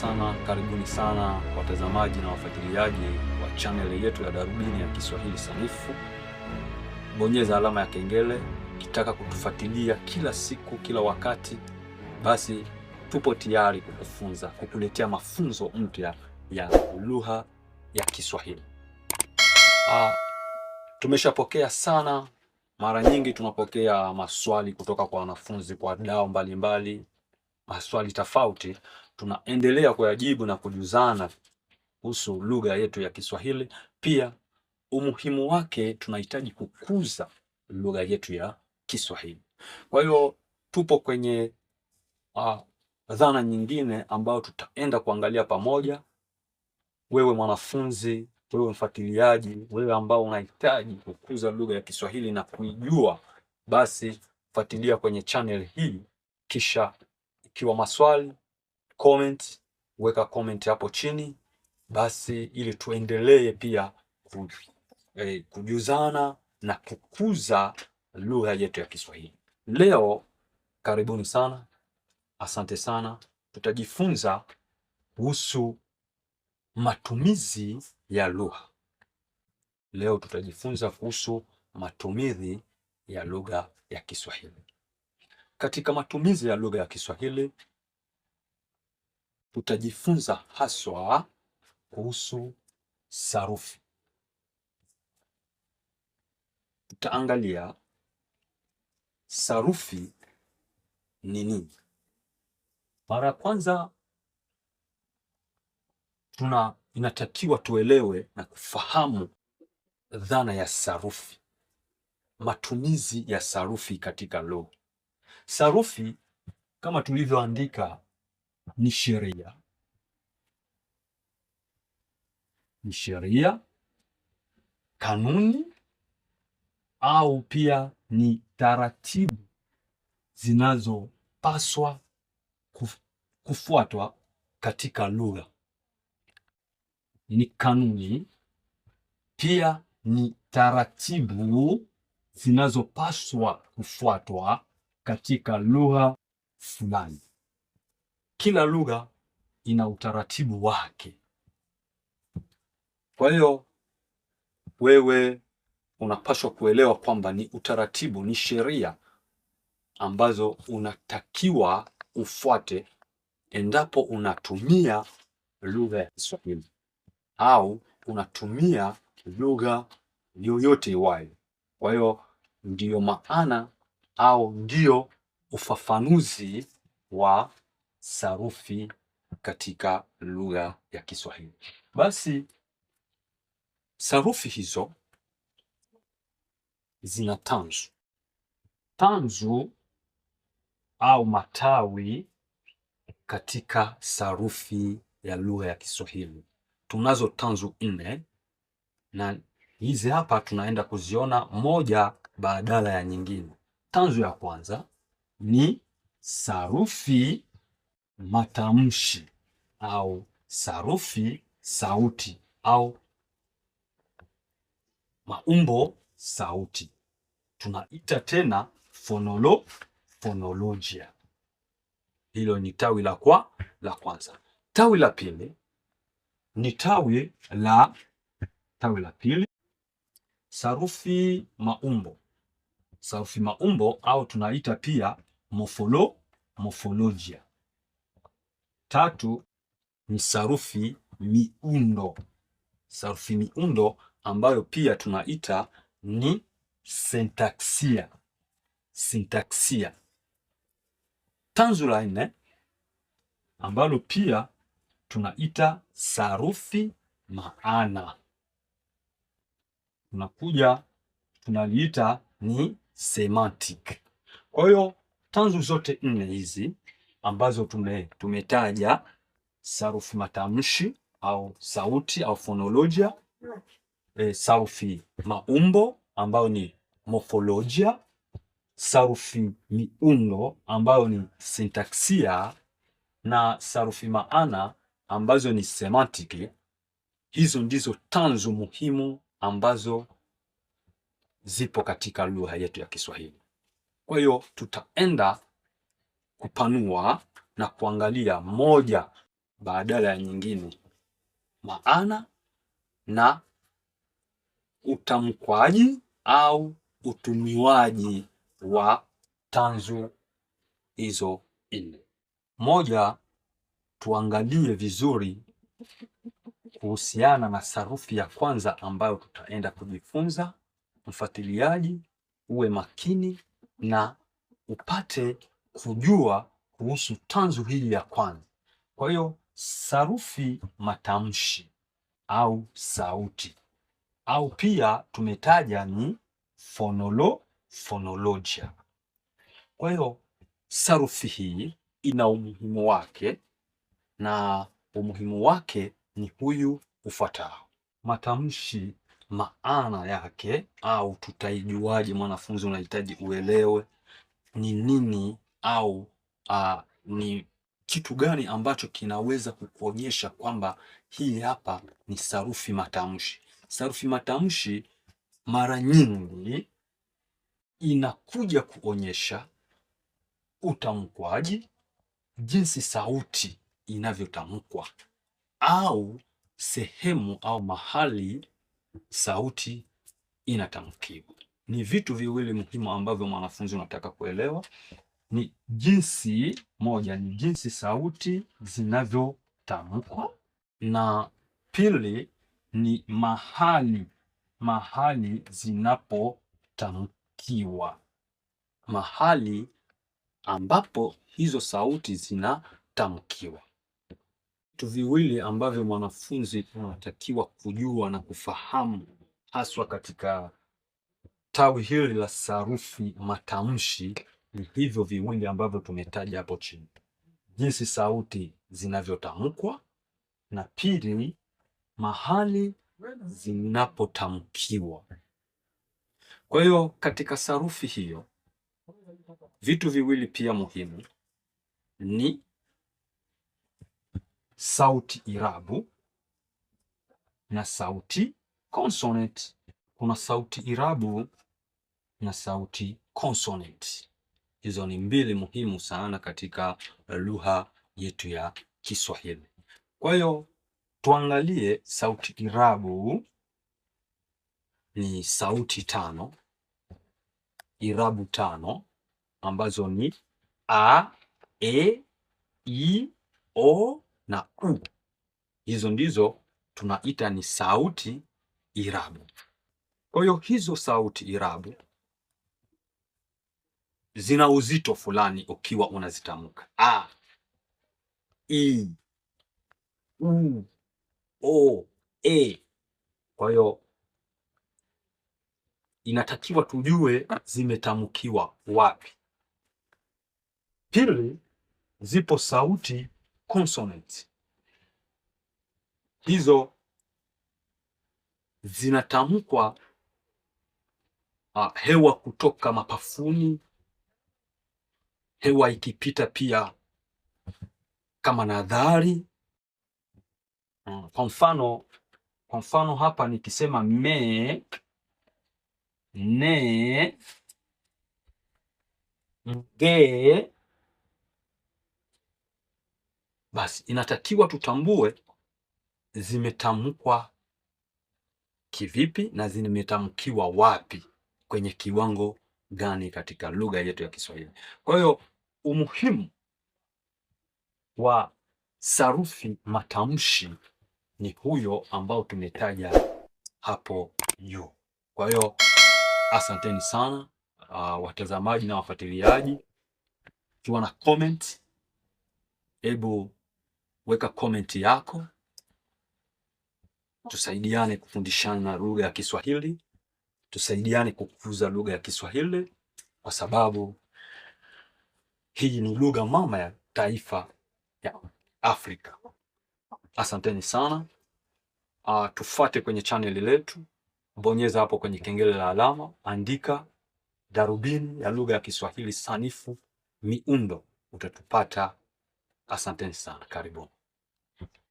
sana, karibuni sana watazamaji na wafuatiliaji wa chaneli yetu ya Darubini ya Kiswahili Sanifu. Bonyeza alama ya kengele kitaka kutufuatilia kila siku, kila wakati, basi tupo tayari kukufunza, kukuletea mafunzo mpya ya lugha ya Kiswahili. Ah, tumeshapokea sana, mara nyingi tunapokea maswali kutoka kwa wanafunzi, kwa dao mbalimbali, maswali tofauti tunaendelea kuyajibu na kujuzana kuhusu lugha yetu ya Kiswahili. Pia umuhimu wake, tunahitaji kukuza lugha yetu ya Kiswahili. Kwa hiyo tupo kwenye uh, dhana nyingine ambayo tutaenda kuangalia pamoja. Wewe mwanafunzi, wewe mfuatiliaji, wewe ambao unahitaji kukuza lugha ya Kiswahili na kuijua, basi fuatilia kwenye channel hii, kisha ikiwa maswali comment, weka comment hapo chini basi, ili tuendelee pia eh, kujuzana na kukuza lugha yetu ya Kiswahili. Leo karibuni sana, asante sana. Tutajifunza kuhusu matumizi ya lugha. Leo tutajifunza kuhusu matumizi ya lugha ya Kiswahili. Katika matumizi ya lugha ya Kiswahili tutajifunza haswa kuhusu sarufi. Tutaangalia sarufi ni nini. Mara ya kwanza tuna inatakiwa tuelewe na kufahamu dhana ya sarufi, matumizi ya sarufi katika lugha. Sarufi kama tulivyoandika ni sheria, ni sheria, kanuni au pia ni taratibu zinazopaswa kufuatwa katika lugha. Ni kanuni pia ni taratibu zinazopaswa kufuatwa katika lugha fulani kila lugha ina utaratibu wake. Kwa hiyo wewe unapaswa kuelewa kwamba ni utaratibu, ni sheria ambazo unatakiwa ufuate endapo unatumia lugha ya Kiswahili au unatumia lugha yoyote iwayo. Kwa hiyo ndiyo maana au ndio ufafanuzi wa sarufi katika lugha ya Kiswahili. Basi sarufi hizo zina tanzu. Tanzu au matawi katika sarufi ya lugha ya Kiswahili tunazo tanzu nne, na hizi hapa tunaenda kuziona moja badala ya nyingine. Tanzu ya kwanza ni sarufi matamshi au sarufi sauti au maumbo sauti, tunaita tena fonolo, fonolojia. Hilo ni tawi la kwa la kwanza. Tawi la pili ni tawi la tawi la pili sarufi maumbo, sarufi maumbo au tunaita pia mofolo, mofolojia Tatu ni sarufi miundo. Sarufi miundo ambayo pia tunaita ni sintaksia. Sintaksia. Tanzu la nne ambalo pia tunaita sarufi maana, tunakuja tunaliita ni semantic. Kwa hiyo tanzu zote nne hizi ambazo tume, tumetaja sarufi matamshi au sauti au fonolojia e, sarufi maumbo ambayo ni mofolojia, sarufi miundo ambayo ni sintaksia na sarufi maana ambazo ni semantiki. Hizo ndizo tanzu muhimu ambazo zipo katika lugha yetu ya Kiswahili. Kwa hiyo tutaenda kupanua na kuangalia moja badala ya nyingine, maana na utamkwaji au utumiwaji wa tanzu hizo nne. Moja, tuangalie vizuri kuhusiana na sarufi ya kwanza ambayo tutaenda kujifunza. Mfuatiliaji uwe makini na upate kujua kuhusu tanzu hili ya kwanza. Kwa hiyo sarufi matamshi au sauti au pia tumetaja ni fonolo, fonolojia. Kwa hiyo sarufi hii ina umuhimu wake na umuhimu wake ni huyu ufuatao. Matamshi, maana yake au tutaijuaje? Mwanafunzi unahitaji uelewe ni nini au uh, ni kitu gani ambacho kinaweza kukuonyesha kwamba hii hapa ni sarufi matamshi. Sarufi matamshi mara nyingi inakuja kuonyesha utamkwaji, jinsi sauti inavyotamkwa, au sehemu au mahali sauti inatamkiwa. Ni vitu viwili muhimu ambavyo mwanafunzi unataka kuelewa ni jinsi moja, ni jinsi sauti zinavyotamkwa, na pili ni mahali mahali zinapotamkiwa, mahali ambapo hizo sauti zinatamkiwa. Vitu viwili ambavyo mwanafunzi anatakiwa kujua na kufahamu haswa katika tawi hili la sarufi matamshi ni hivyo viwili ambavyo tumetaja hapo chini, jinsi sauti zinavyotamkwa na pili, mahali zinapotamkiwa. Kwa hiyo katika sarufi hiyo vitu viwili pia muhimu ni sauti irabu na sauti consonant. Kuna sauti irabu na sauti consonant. Hizo ni mbili muhimu sana katika eh, lugha yetu ya Kiswahili. Kwa hiyo tuangalie sauti irabu ni sauti tano, irabu tano ambazo ni a, e, i, o na u. Hizo ndizo tunaita ni sauti irabu. Kwa hiyo hizo sauti irabu zina uzito fulani ukiwa unazitamka a i u o e. Kwa hiyo inatakiwa tujue zimetamkiwa wapi. Pili, zipo sauti consonant, hizo zinatamkwa hewa kutoka mapafuni hewa ikipita pia kama nadhari. Mm, kwa mfano, kwa mfano hapa nikisema me ne mge, basi inatakiwa tutambue zimetamkwa kivipi na zimetamkiwa wapi kwenye kiwango gani katika lugha yetu ya Kiswahili. Kwa hiyo umuhimu wa sarufi matamshi ni huyo ambao tumetaja hapo juu. Kwa hiyo asanteni sana uh, watazamaji na wafuatiliaji. Ukiwa na comment, hebu weka comment yako, tusaidiane kufundishana lugha ya Kiswahili tusaidiane kukuza lugha ya Kiswahili kwa sababu hii ni lugha mama ya taifa ya Afrika. Asanteni sana. Uh, tufate kwenye chaneli letu, bonyeza hapo kwenye kengele la alama, andika darubini ya lugha ya Kiswahili sanifu miundo, utatupata. Asanteni sana, karibuni.